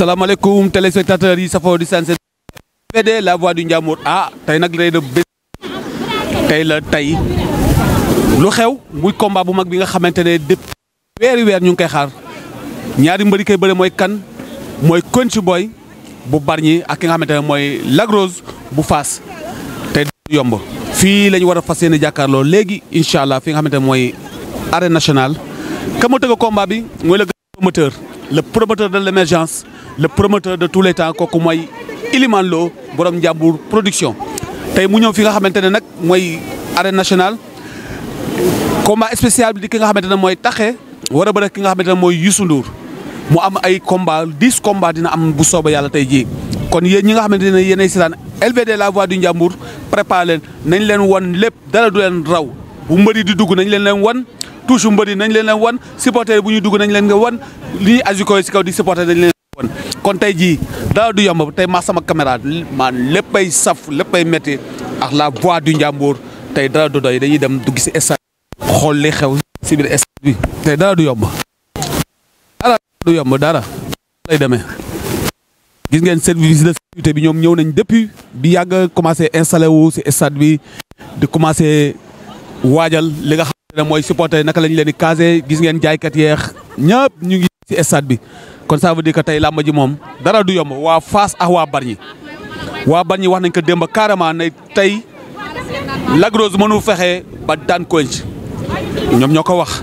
salaamaaleykum téléspectateurs yi safoo di seen VD la voix du Ndiambour ah tey nag lay de bés tey la tey lu xew muy combat bu mag bi nga xamante ne depuis weeri weer ñu ngi koy xaar ñaari mbëri koy bëre mooy kan mooy Quench Boy bu Bargny ak ki nga xamante ne mooy Lac bu Fass tey du yomb fii la ñu war a fas yéene jàkkaarloo léegi incha allah fi nga xamante ne mooy arène national ka ma tëgg combat bi mooy la promoteur le promoteur de l'émergence le promoteur de tous les temps kooku mooy Ilimane Lo borom Njàmbur production tey mu ñëw fi nga xamante ne nag mooy arène nationale combat spécial bi di ki nga xamante ne mooy taxe war a bëre ki nga xamante ne mooy Youssou Ndour mu am ay combat dix combat dina am bu sooba yàlla tey jii kon yéen ñi nga xamante ne yéenay sitaan LVD la voix du Njàmbur préparé leen nañ leen won lépp dara du leen raw di dugg nañ leen leen won touche mbëri nañ leen wan supporter bu ñuy dugg nañ leen wan li azuko ci kaw di supporter dañ leen wan kon tay ji da du yomb tay ma sama caméra man leppay saf leppay metti ak la voix du njambour tay da du doy dañuy dem dugg ci esadwi, xol li xew ci bir stade bi tay da du yomb dara du yomb dara lay demé gis ngeen service de sécurité bi ñom ñew nañ depuis bi yag commencé installer wu ci stade bi di commencé wajal li nga ne mooy supporter naka lañu leen di casé gis ngeen jaaykat yeex ñëpp ñu ngi ci stade bi kon ça veut dire que tey làmb ji moom dara du yomb waa fas ak waa Bargny waa Bargny wax nañ ko démb carrément ne tey Lac Rose mënu fexe ba daan Quench ñoom ñoo ko wax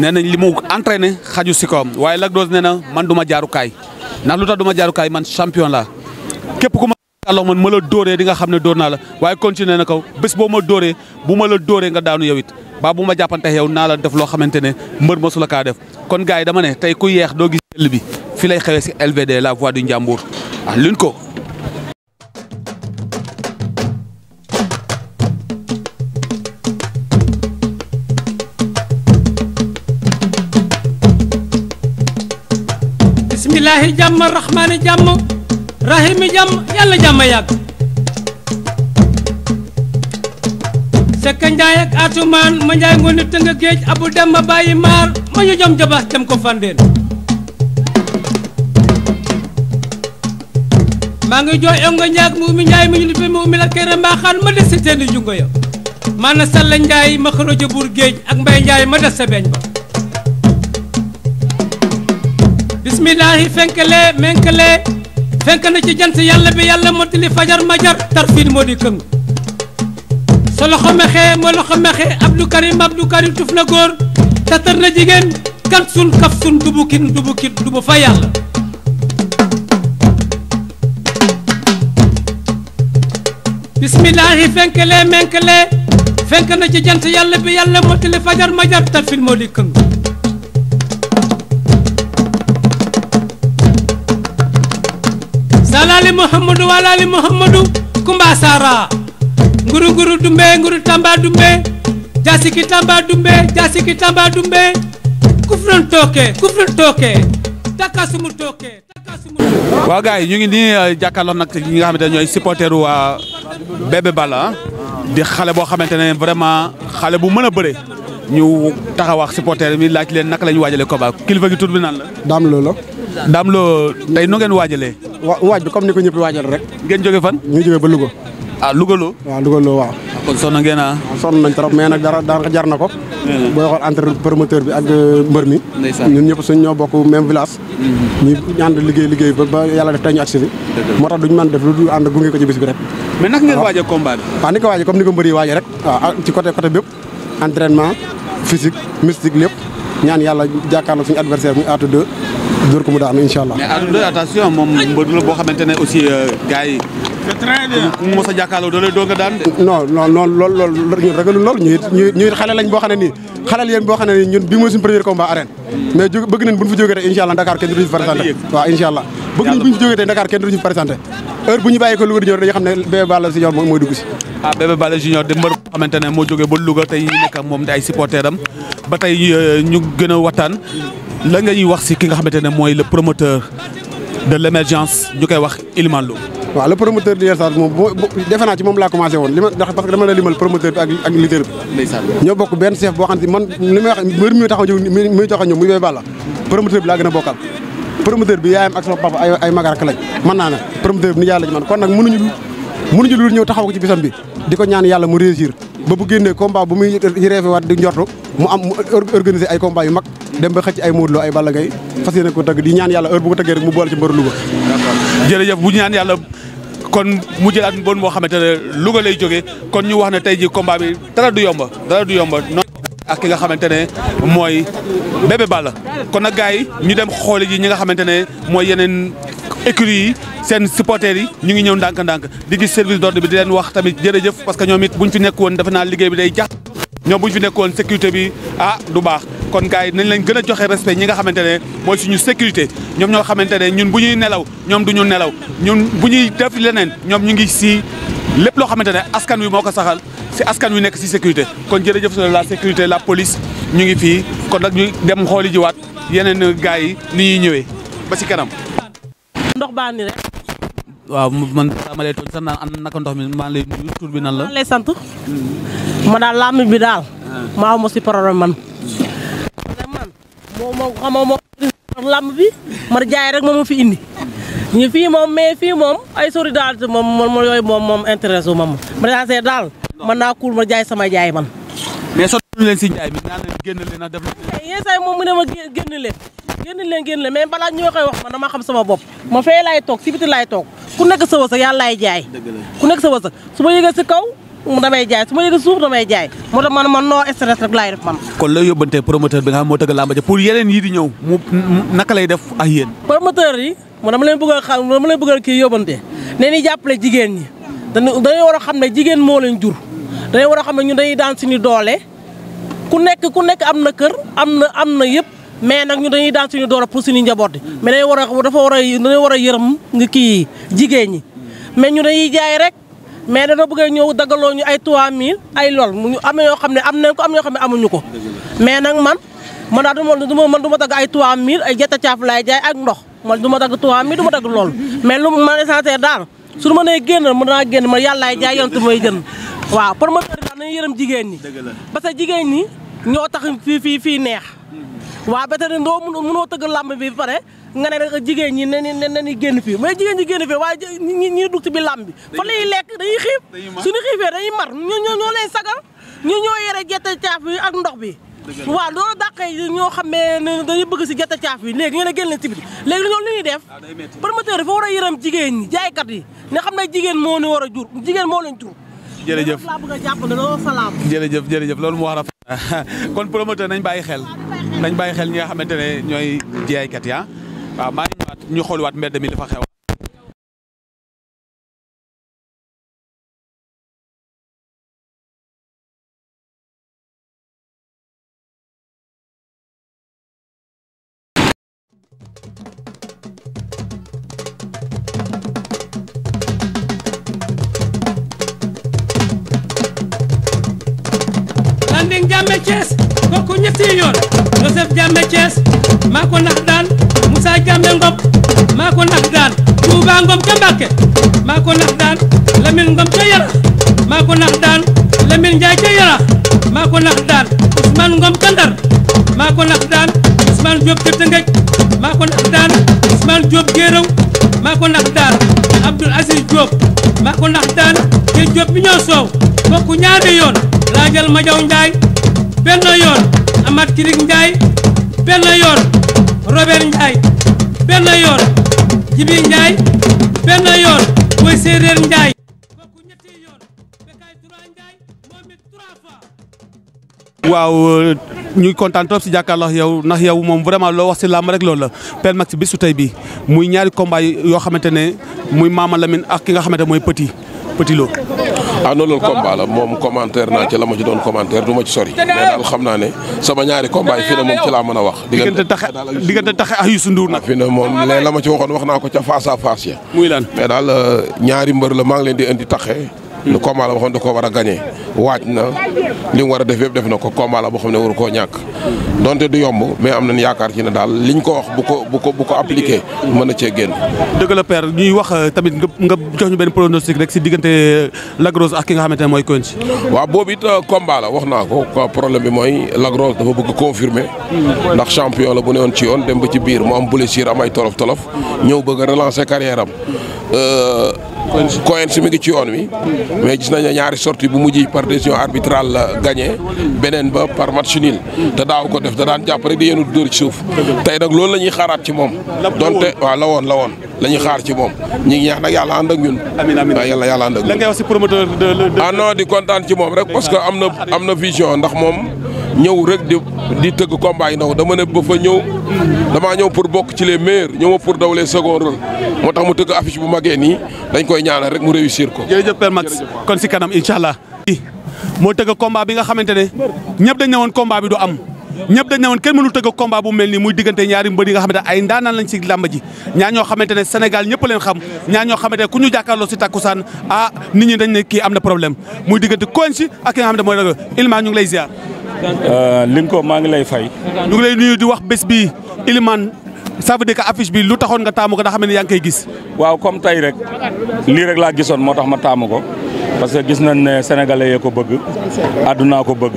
nee nañ li mu entraîné xaju si kawam waaye Lac Rose nee na man duma jaarukaay ndax lu tax du ma jaarukaay man champion la képp ku ma alors man ma la dóoree di nga xam ne dóor naa la waaye continué na ko bés boo ma dóoree bu ma la dóoree nga daanu yow it baa bu ma jàppante yow naa la def loo xamante ne mbër mosu la kaa def kon gars yi dama ne tey ku yeex doo gis jël bi fi lay xewee si LVD la voix du Ndiambour ah, ko. bismillahi jàmm rahmaani jàmm rahimi jàmm yàlla jàmm yàgg. caka njaay ak atumaan ma njaay ngoone tënga géej abu dem ma bàyyi maar ma ñu jabax dem ko fandeen maa ngi jooy ongo ñaag mu umi njaay mu ñu duppe mu umi la kere mbaaxaan ma des si teeni jungo yo maana njaay ma xorojo buur géej ak mbay njaay ma des sa beeñ ba bismillaahi fenkale menkale fenk na ci jant yàlla bi yàlla mottali fajar ma jar tarfiin moo di këng sa loxo mexee ma loxo mexee Abdou Karim Abdou Karim tuf na góor tatar na jigéen kan sun dubukin dubukin dubu fa yàlla bismillahi fenkle menkle fenk na ci yàlla bi yàlla moo tili fajar majar tarfin moo li këng salaali muhammadu walaali muhammadu kumba nguru nguru dumbe nguru tamba dumbe jasiki tamba dumbe jasiki tamba dumbe kufron tooke kufron tooke takasumu tooke takasumu waaw gars yi ñu ngi nii euh, jàkkaarloo nag ñi nga xamante ne ñooy supporteru waa euh, Bébé Balla di xale boo xamante ne vraiment xale bu mën a bëre ñu taxawaax supporter bi laaj leen naka la ñu waajalee combat kilifa gi tur bi naan la. daam loo la. daam loo tey nu ngeen waajalee. wa waaj bi comme ni ko ñëpp waajal rek. ngeen jóge fan. ñu jóge ba Louga. ah Lugalo. waaw Lugalo waaw. kon sonn ngeen ah. nañ trop mais nag dara daanaka jar na ko. booy entre promoteur bi ak euh, mbër mi. ñun ñëpp suñ ñoo bokk même village. Mm-hmm. ñu ànd liggéey liggéey ba ba def tey ñu agsi fi. duñ def ko ci bis bi rek. mais ngeen combat bi. ni ko waajee comme ni ko mbër yi waajee rek. Ah, ci côté côté bépp entraînement physique mystique lépp ñaan adversaire 2 ko mu allah. mais Atou 2 attention moom mbër la boo xamante aussi euh, c'est très bien ku a jàkkaarloo doole doo nga daan de. non non non loolu loolu ñu it ñu xale lañ boo xam ne nii xale yéen boo xam ne ñun bi mooy suñu premier combat arène. mais jóg bëgg nañ bu ñu fa jógee tey incha allah Dakar kenn duñu fi présenté. waaw fa jógee tey heure bu ñu bàyyi ko Louga di ñëw xam ne Bébé Balla Junior mooy dugg si. ah Bébé Junior di moo jógee ba Louga tey ñu nekk ak moom di ay supporter am ba tey euh, ñu gën a waxtaan la nga wax si ki nga xamante ne mooy le promoteur de l'émergence ñu koy wax Ilimane Lo waaw le promoteur di Yersar moom defe naa ci moom laa commencé woon li ma ndax parce que dama la limal promoteur bi ak ak lutteur bi ñoo bokk benn chef boo xam ne man li may wax mbir ñëw muy taxaw ñëw muy Bébé Balla promoteur bi laa gën a promoteur bi yaayam lañ naa ne promoteur bi man kon nag mënuñu mënuñu lu ñëw taxaw ko ci bisam bi di ko ñaan yàlla mu réussir ba bu génnee combat bu muy ñu reefewaat di njortu mu am mu organisé ay combat yu mag dem ba xëcc ay Modou Lo ay Balla Gaye fas yéene ko tëgg di ñaan yàlla heure bu tëggee rek mu boole ci mbëru Louga jërëjëf bu ñaan yàlla kon mu jëlaat mbon moo xamante ne lay jógee kon ñu wax ne tey ji combat bi dara du yomba dara du yomba ak ki nga xamante ne mooy Bébé Balla kon nag gars yi ñu dem xooli ji ñi nga xamante ne mooy yeneen écurie yi seen supporters yi ñu ngi ñëw ndànk-ndànk di gis service d'ordre bi di leen wax tamit jërëjëf parce que ñoom it buñ fi nekk woon defe naa liggéey bi day jax ñoom buñ fi sécurité bi ah du baax kon gars nañ leen gën a joxe respect ñi nga xamante ne mooy suñu sécurité ñoom ñoo xamante ne ñun bu ñuy nelaw ñoom du ñu nelaw ñun bu ñuy def leneen ñoom ñu ngi si lépp loo xamante ne askan wi moo ko saxal si askan wi nekk si sécurité kon jërëjëf la sécurité la police ñu ngi fii kon nag ñu dem xooli jiwaat yeneen gars yi ni ñuy ñëwee ba si kanam ndox baa rek. waaw man ma lay toog sax naan an naka ndox mi maa lay nuyu tur bi nan la. maa lay sant. ma daal laami bi daal. Ah. maa ma si problème man. man moom moo bi mar jaay rek moom ma fi indi ñu fii moom mais fii moom ay solidarité moom moom yooyu moom moom intéresse wu moom ma daal daal mën naa kuul ma jaay sama jaay man. mais sotti leen si njaay mi naan leen génn leen def. yéen say moom mu ne ma génn leen. génn leen génn leen mais balaa ñoo koy wax man dama xam sama bopp ma fee laay toog si biti laay toog ku nekk sa wërsëg yàlla laay jaay ku nekk sa wërsëg su ma yëgee si kaw ma damay jaay moo tax man man noo man kon lay yóbbante promoteur bi nga xam moo tëgg làmba ja pour yeneen yi di ñëw mu naka lay def ak yéen promoteur yi mu dama leen bëgg a xam dama leen bëgg a kii yóbbante nee ni jàppale jigéen ñi dañu dañuy war a xam ne jigéen moo leen jur dañuy war a xam ne ñun dañuy daan suñu doole ku nekk ku nekk am na kër am na am na yëpp mais nag ñu dañuy daan suñu door a pour suñu njaboot yi mais dañu war a dafa a war a yërëm nga kii jigéen ñi mais ñu dañuy jaay rek mais dañoo bëggee ñëw daggaloo ñu ay 3000 ay lool ñu am na yoo xam ne am nañ ko am yoo xam ne amuñu ko mais nag man man daal du ma man du ma dagg ay 3000 ay jetta caaf laay jaay ak ndox man du ma dagg 3000 du ma dagg lool mais lu man essentiel daal su ma nee génn mën naa génn man yàllaay jaay yontu mooy jënd waaw promoteur bi daal nañu yërëm jigéen ñi parce que jigéen ñi ñoo tax fii fii fii neex waa ba tey doo mënoo tëgg làmb bi ba pare nga ne jigéen ñi ne ne ne génn fii mais jigéen ñi génn fii waaye ñi ñi dugg ci bi làmb bi. fa lay lekk dañuy xiif. suñu xiifee dañuy mar ñoo ñoo lay sagal ñu ñoo yore gerte caaf bi ak ndox bi. waaw loolu dàqee ñoo xam ne dañuy bëgg si gerte caaf bi léegi ñu ne génn ci biti léegi ñoom li ñuy def ah, promoteur dafa war a yërëm jigéen ñi jaaykat yi ne xam ne jigéen moo ni war a jur jigéen moo leen jur jërëjëf jërëjëf jërëjëf loolu moo war a kon promoteur nañ bàyyi xel nañ bàyyi xel ñi nga xamante ne ñooy jaaykat ya ah. waaw maa ngi ñu xooliwaat mbedd mi dafa xew Moussa Ngom ca Mbàkke maa ko nax daan Lamine ca Yarax maa ko nax daan Lamine Ndiaye ca Yarax maa ko nax daan Ousmane Ngom ca Ndar maa ko nax daan Ousmane Diop ca maa ko nax daan Ousmane Diop Géeraw maa ko nax daan Abdoul Aziz Diop maa ko nax daan te mi ñoo soow bokku ñaari yoon laajal Madiaw Ndiaye benn yoon Amath Kirik Ndiaye benn yoon Robert Ndiaye benn yoon Jibi Njaay benn yoon mooy séeréer Njaay waaw ñu kontaan trop si jàkkaarloo yow nax yow moom vraiment loo wax si làmb rek loolu la Père Max bi su tey bi muy ñaari combat yoo xamante ne muy Mama Lamine ak ki nga xamante mooy Petit Petit Lo. ah non loolu combat moom commentaire naa ci la ma ci doon commentaire du ma ci sori mais daal xam naa ne sama ñaari combat yi fii moom ci laa mën a wax. diggante taxe diggante taxe ak Youssou Ndour fi ne moom léegi ma ci waxoon wax naa ko ca face à face ya. muy daal euh, ñaari mbër la maa ngi leen di indi taxe. le combat la waxoon da ko war a gagné. waaj na li wara def yeb def na ko combat la bo xamne waru ko ñak donte du yomb mais amna ñu yaakar ci na dal liñ ko wax bu ko bu ko bu ko appliquer meuna ci genn deug dëgg la père ñuy wax euh, tamit nga jox ñu pronostic rek ci digënté euh, la Rose ak ki nga xamanté moy mooy Quench. waaw it euh, combat la wax naa ko problème bi moy la grosse dafa bëgg confirmer ndax champion la bu neewon ci yoon dem ba ci biir mo am blessure am ay torof torof ñew bëgg relancer carrière am. Quench mi ngi ci yoon wi mais gis nañ ñaari sortie bu mujjii par décision arbitrale la gagné beneen ba par match nul te daaw ko def da daan jàpp rek di yenu dóor ci suuf tey nag loolu la ñuy xaaraat ci moom donte waaw la woon la woon la xaar ci moom ñi ngi ñaax nag yàlla ànd ak ñun waaw yàlla yàlla ànd ak ñun ah non di kontaan ci moom rek parce que am na vision ndax moom ñëw rek di di tëgg combat yi ndaw dama ne ba fa ñëw damaa ñëw pour bokk ci les meilleurs ñëw ma pour daw les second rôle moo tax mu tëgg affiche bu magee nii dañ koy ñaanal rek mu réussir ko. jërëjëf Père Max kon si gi moo tëgg combat bi nga xamante ne ñëpp dañ ne woon combat bi du am ñëpp dañ ne woon kenn mënu tëgg combat bu mel nii muy diggante ñaari mbër yi nga xamante ne ay ndaanaan lañ ci làmb ji ñaa ñoo xamante xam ñaa ñoo ku ñu jàkkaarloo si takkusaan ah nit ñi dañ kii am na problème muy diggante Quench ak ki nga xamante mooy Reug Reug Ilimane ñu ngi lay ziar. Euh, Linko maa ngi lay fay. ñu ngi lay nuyu di wax bés bi Ilimane ça parce que gis nañ ne sénégalais yee ko bëgg àddunaa ko bëgg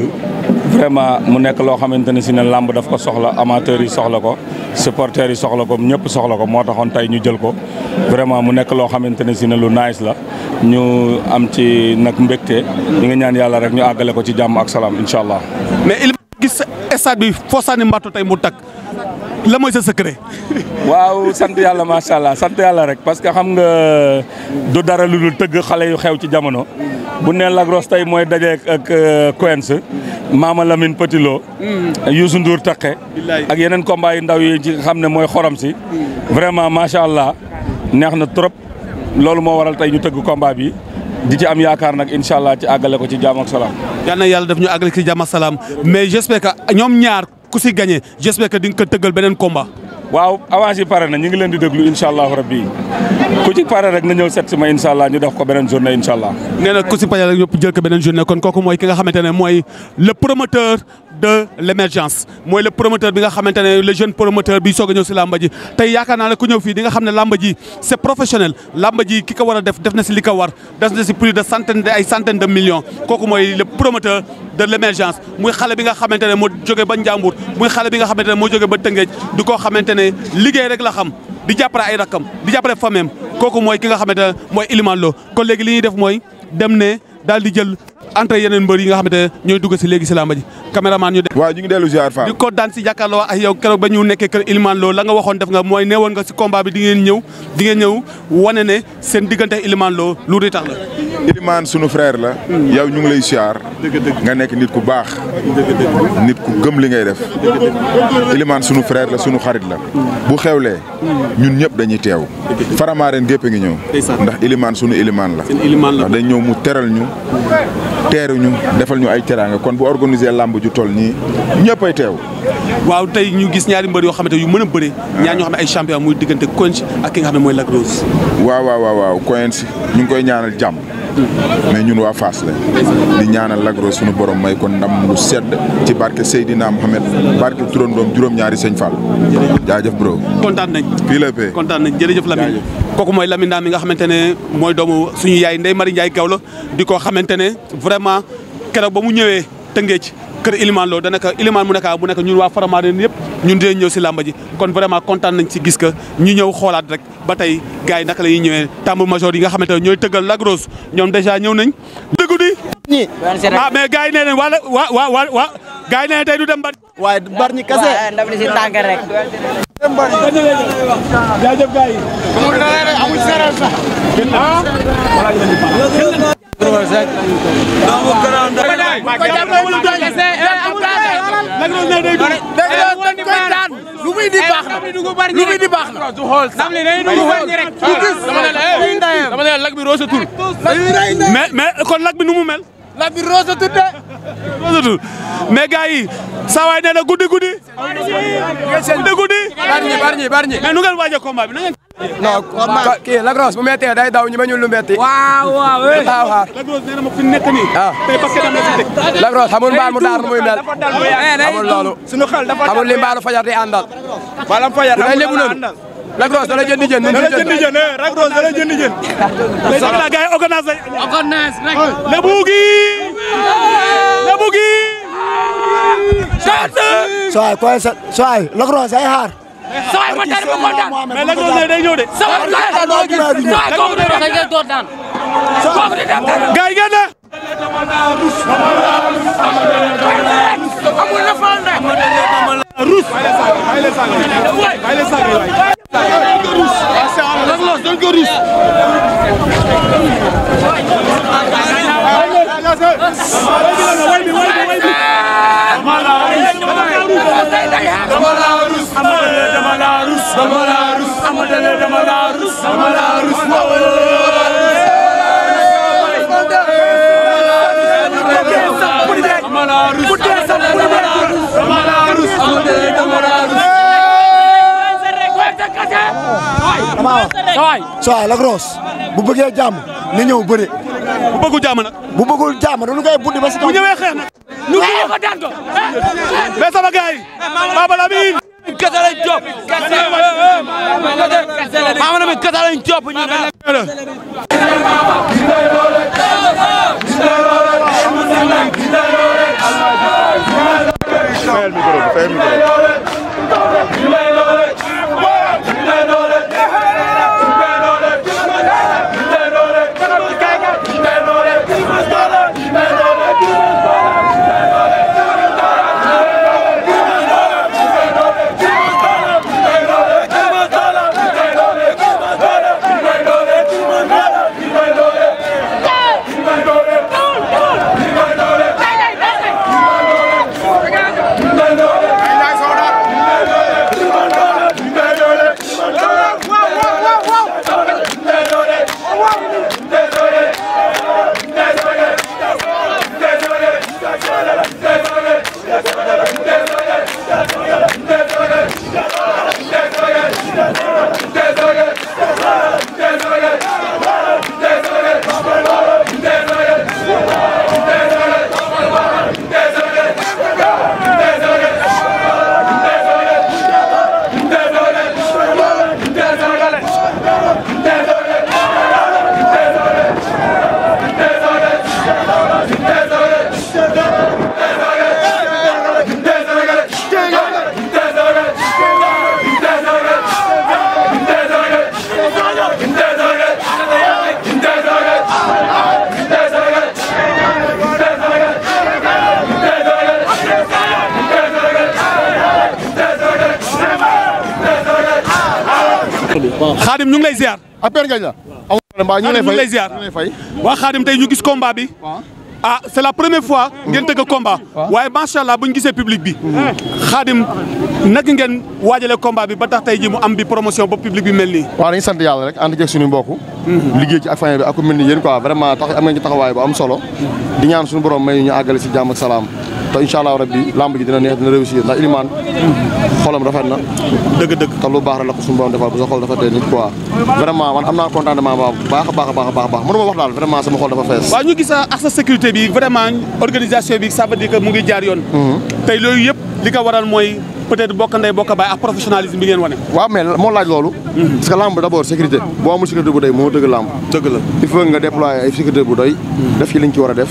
vraiment mu nekk loo xamante ne si làmb daf ko soxla amateurs yi soxla ko supporters yi soxla ko ñëpp soxla ko moo taxoon tey ñu jël ko vraiment mu nekk loo xamante ne si ne lu nice la ñu am ci nag mbégte ñu ngi ñaan yàlla rek ñu àggale ko ci jàmm ak salaam incha allah. mais il gis stade bi foo mbattu tey mu takk. la mooy sa secret. waaw sant yàlla macha allah sant yàlla rek parce que xam nga du dara lu dul tëgg xale yu xew ci jamono. bu ne Lac tey mooy daje ak Quench euh, Mama Lamine Petit Lo. Mm. Youssou Ndour ak yeneen combat yu ndaw yi ci xam ne mooy xorom si. vraiment macha allah neex na trop loolu moo waral tey ñu tëgg combat bi. di ci am yaakaar nag incha allah ci àggale ko ci jàmm ak salaam. yal na yàlla def ñu àggale ci jàmm salaam mais j'espère que ñoom ñaar. ku si gagné j'espère que di nga ko beneen combat. waaw avance yi pare na ñu ngi leen di déglu incha allahu rabbi ku ci pare rek na ñëw set si ma incha allah ñu def ko beneen journée incha allah. nee na ku si pare rek ñëpp jël ko beneen journée kon kooku mooy ki nga xamante mooy le promoteur de l'émergence mooy le promoteur bi nga xamante ne le jeune promoteur bi soo a ñëw si làmba ji tey yaakaar naa ne ku ñëw fii di nga xam ne làmba ji professionnel làmba ki ko war a def def na si li ko war def na si plus de centaine de ay centaine de millions kooku mooy le promoteur de l'émergence muy xale bi nga xamante ne moo jóge ba Njàmbur muy xale bi nga xamante ne moo jóge ba Tëngéej di koo xamante ne liggéey rek la xam di jàppale ay rakkam di jàppale famem kooku mooy ki nga xamante ne mooy Ilimane Lo léegi li ñuy def mooy dem ne daal di jël entre yeneen mbër yi nga xamante ne ñooy dugg si léegi si làmba ji caméraman ñu de waaw ñu ngi dellu ziar Fall di ko daan si jàkkaarloo ak yow keroog ba ñu nekkee kër Ilimane Lo la nga waxoon def nga mooy neewoon nga si combat bi di ngeen ñëw di ngeen wane ne seen diggante Ilimane loo lu di tax la Ilimane sunu frère la hmm. yow ñu ngi lay ziar nga nekk nit ku baax ku gëm li ngay def Ilimane sunu frère la sunu xarit la bu xew lee ñun ñëpp dañuy teew faramaareen gépp ngi ñëw ndax Ilimane sunu Ilimane la ndax dañ ñëw mu teral ñu teeruñu defal ñu ay teraanga kon bu organiser làmb ju toll nii ay teew waaw tey ñu gis ñaari mbër yoo xamante yu mën a bëre. ñaar ñoo xam ne ay champion muy diggante Quench ak ki nga xam ne mooy Lac Rose. waaw waaw waaw ñu ngi koy ñaanal jàmm. mais ñun waa Fass la di ñaanal Lac suñu borom may ko ndam lu sedd ci barke Seydina Mohamed barke turandoom juróom-ñaari sëñ Fall. jaajëf bro. kontaan nañ. fii la kontaan nañ jërëjëf Lamine. kooku mooy Lamine Lam mi nga xamante ne mooy doomu suñu yaay Ndeye Marie Ndiaye Gawlo di ko xamante ne vraiment keroog ba mu ñëwee Tëngéej kër Ilimane Lo danaka Ilimane mu nekkaa mu nekk ñun waa Faramareen yëpp ñun dinañ ñëw si làmba kon vraiment kontaan nañ si gis ka ñu ñëw xoolaat rek ba tey gars yi naka la ñuy ñëwee tambour major yi nga xamante ne ñooy tëggal Lac Rose ñoom dèjà ñëw nañ dëggu di ah mais gars yi nee nañ wa wa wa waa gars tey du dem bari waaye bari ñi kase ndam li si tànk sax ne day dugg. day koy daan lu muy di baax na lu muy di baax na. du xool sax ndam li day dugg wàññi rek. du gis dama ne la eh, dama ne la lag bi roosatul. mais mais kon lag bi nu mu mel. lag bi roosatul de. bësatu mais gars yi saa waay nee na guddi guddi. guddi guddi. bari ñi bari ñi mais nu ngeen waaj a combat bi na ngeen. non combat day daw ñu bañul lu metti. waaw waaw waaw waaw Lac Rose mbaal mu ah. daar nu muy mel. xamul loolu. suñu xel dafa dal xamul li fajar di àndal. mbaalam fajar amul lu Lac Rose da la jëndi jën. da la jëndi jën eh, Lac Rose da la jëndi jën. mais sax la gars yi organise lañ. organise rek. ay xaar. Soay ma teel ma kontaan. mais Lac amul la fal ne amul la fal ne ruus bàyyi leen saaga bàyyi leen saaga waay bàyyi leen saaga waay dama la ruus sawaay sawaay Lac Rose bu bëggee jàmm na ñëw bëre bu bëggul jàmm nag bu bëggul jàmm dañu koy buddi ba si kaw bu ñëwee xeex nag ñu ko ko daan ko mais sama gars yi Baba Lamine kese lañ jóg maama na mi kese lañ jóg ñu Père Ngagne la. waaw ñu ngi lay ziar ñu ngi lay fay. waa Xaadim tey ñu gis combat bi. ah c' est la première fois. ngeen tëgg combat. waaye macha allah bu ñu gisee bi. Xaadim naka ngeen waajalee combat bi ba tax tey ji mu am bi promotion ba public bi mel nii. waaw dañuy sant yàlla rek ànd ceeg suñu mbokk. Mhm. liggéey ci ak famille bi ak mel ni yéen quoi vraiment tax am nañu taxawaay bu am solo. di ñaan suñu borom may ñu àggale si jàmm salaam. ta inshallah rabbi lamb ji dina neex dina réussir ndax iman xolam rafet na deug deug ta lu baax la ko sun borom defal bu sa xol dafa tee nit quoi vraiment man amna contentement ba baax baax baax baax baax mënuma wax dal vraiment sama xol dafa fess waaw ñu gis ak sa sécurité bi vraiment organisation bi ça veut dire que mu ngi jaar yoon mhm. tay loolu yëpp li ko waral moy peut-être bok nday bok bay ak professionnalisme bi ngeen wone wa mel mo laaj lolu mhm. parce que lamb d'abord sécurité bo amul sécurité bu doy mo deug lamb deug la il faut nga déployer ay sécurité bu doy mhm. def ci liñ ci wara def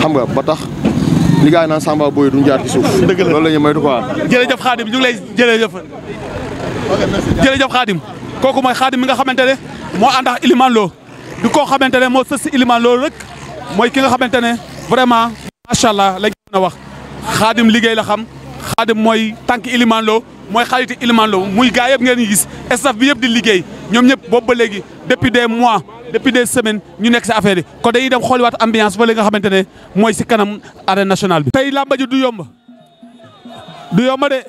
xam nga ba tax li gars naan Samba Boye duñ jaar ci suuf. dëgg la loolu la ñuy moytu quoi. jërëjëf Khadim ñu ngi lay jërëjëf jërëjëf Khadim kooku mooy Khadim mi nga xamante ne moo ànd ak Ilimane Lo di koo xamante ne moo sës si Ilimane rek mooy ki nga xamante ne vraiment macha allah lañ mën wax Khadim liggéey la xam Khadim mooy tànk Ilimane Lo mooy xaritu Iliman Lo muy gaa yëpp ngeen gis staff bi yëpp di liggéey ñoom ñëpp boobu ba léegi depuis des mois depuis des semaines ñu nekk si affaire yi kon dañuy dem xooliwaat ambiance ba li nga xamante ne mooy si kanam arène nationale bi. tey làmba ji du yomb du yomb de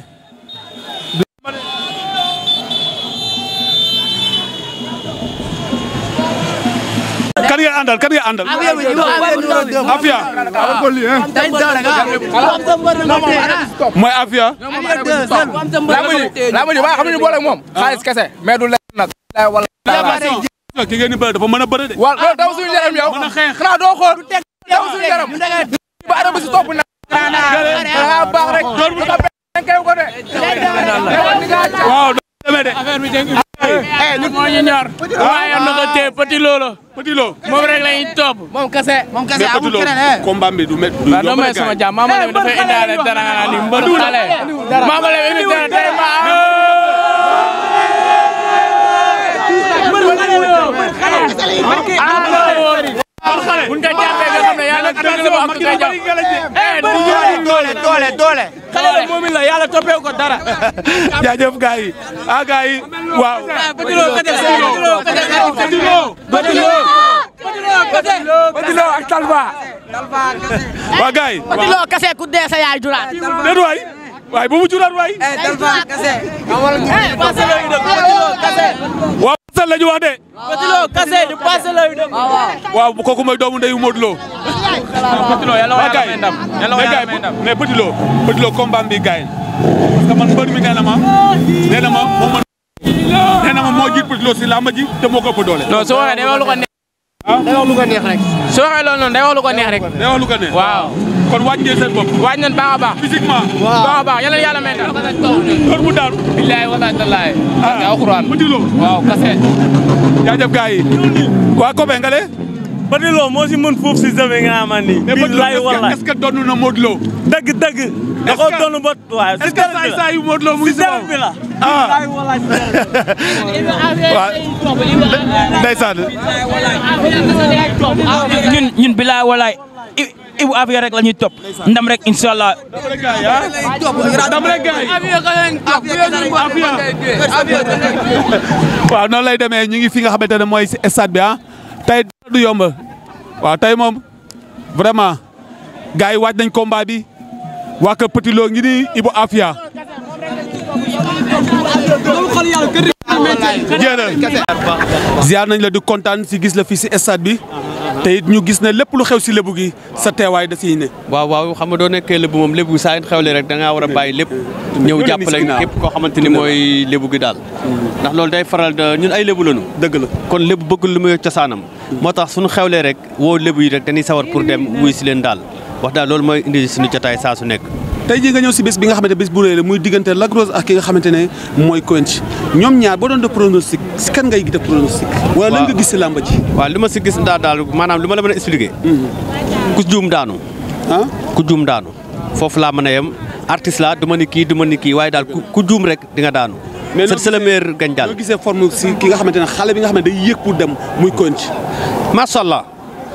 kan ngay àndal kan ngay àndal. Afia. mooy Afia. laa ma ji a xam nañu boole ak moom. xaalis kese mais du leer nag. wala ki ngeen di bëre dafa mën a bëre de. waaw loolu daw suñu yaram yow. xanaa doo xool daw suñu yaram. ba adam bi si topp na. da baax rek. waaw. moo ñu waaye na ko téye Petit Lo la. Petit Lo moom rek la ñuy topp. moom du métti du yomb rek ay sama jàmm Mama Lamine dafay indaale dara nga mbër xale. Mama Lamine bu ñu koy jàppee la bu am su koy jàpp. doole doole doole. xale la moom la toppee ko dara. jaajëf gars yi waa gars yi waaw ku dee sa yaay juraat. bu mu juraat waay. Talfa kese. Assane la ñu wax de. Petit Lo kase du passé la yu dem. Ah, waaw kooku mooy doomu ndeyu Modou Lo. Petit Lo yàlla waa yàlla may ndam yàlla waa yàlla may ndam na ma nee na ma moo mën nee na te moo ko doole. non su waxee day wax lu ko Ah. day wax lu ko neex rek. su waxee loolu noonu day wax lu ko neex rek. day wax lu ko neex waaw. kon wàññi ngeen seen bopp. wàññi nañu baax a baax. physiquement waaw baax a baax yàlla yàlla may daal. loolu mu daal. billaay walaay talaay. ah alxuraan mu diloo. waaw kase. jaajëf gars yi. waa Kobe nga lee. Petit Lo moo si mën foofu si jamono yi nga xamante ni. billaay walaay est-ce que doonu na Modou Lo. dëgg dëgg. est-ce que da koo doonu ba. waaw si dara bi la est-ce que saay saay yu Modou Lo mu ngi si moom si dara bi la. ah waaw ndeysaan ñuy topp rek incha waaw noonu lay demee ñu ngi fi nga xamante ne mooy si stade bi ah tey du yomb waaw tey moom vraiment gars yi waaj nañ combat waa kër Petit ngi nii Ibou Afia. ziar nañ la di kontaan si gis la fii si stade bi te it ñu gis ne lépp lu xew si lébu gi sa teewaay da siy ne waaw waaw xam nga doo nekkee lébu moom lébu saa yin xewle rek da war a bàyyi lépp ñëw jàppale képp koo xamante ni mooy lébu gi daal ndax loolu day faral ñun ay lébu lañu dëgg la kon lébu bëggul lu muy cosaanam moo tax suñu xewlee rek woo lébu yi rek dañuy sawar pour dem wuy si leen daal wax daal loolu mooy indi suñu jataay saa su nekk tey jii nga ñëw si bés bi nga xamante bés bu rëy la muy diggante Lac Rose ak ki nga xamante ne mooy Quench ñoom ñaar boo doon def pronostic si kan ngay def pronostic. waaw wala lan nga gis si làmb ji. waaw li ma si gis daal daal maanaam li ma la mën a expliquer. Mm-hmm. ku juum daanu. ah ku juum daanu foofu laa mën a yem artiste la duma ni kii duma ni kii waaye daal ku juum rek di nga daanu. mais c'est le meilleur gañ daal. loo gisee forme si ki nga xamante ne xale bi nga xam ne day yëg pour dem muy Quench. macha allah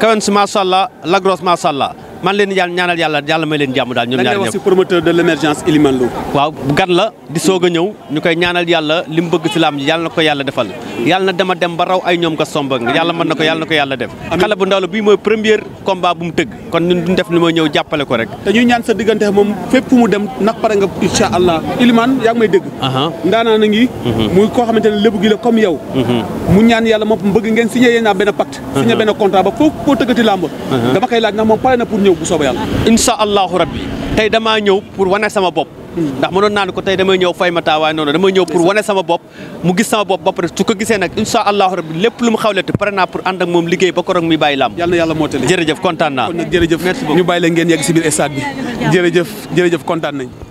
Quench macha allah Lac Rose macha allah man len yàlla ñaanal yalla yalla may len jamm dal ñoom ñaar ñep ñëpp promoteur de l'émergence iliman Lo waaw gan la di soga ñew ñukay ñaanal yalla lim bëgg ci lam yalla nako yalla defal yalla na dama dem ba raw ay ñom ko somba nga yalla man nako yalla nako yalla def xala bu ndawlu bi moy premier combat bu mu tëgg kon ñun duñ def limay ñew jappalé ko rek dañu ñaan sa digënté mom fepp mu dem nak paré nga insha allah Elimane yaa ngi may aha ndana na ngi mhm. muy ko xamanteni lepp gi la comme yow mhm. mu ñaan yalla moom bëgg ngeen signé yéen ben pacte signé ben contrat ba foofu ko tëggati lamb dama kay laaj na mom paré na pour ñëw bu soobee yàlla tey damaa ñëw pour wane sama bopp ndax mënoon naa ne ko tey damay ñëw fay ma taawaay noonu damay ñëw pour wane sama bopp mu gis sama bopp ba pare su ko gisee nag incha allahu rabbi lépp lu mu xawlete pare naa pour ànd moom liggéey ba korog mi bàyyi jërëjëf kontaan ñu bàyyi ngeen yegg si biir stade bi jërëjëf jërëjëf kontaan nañ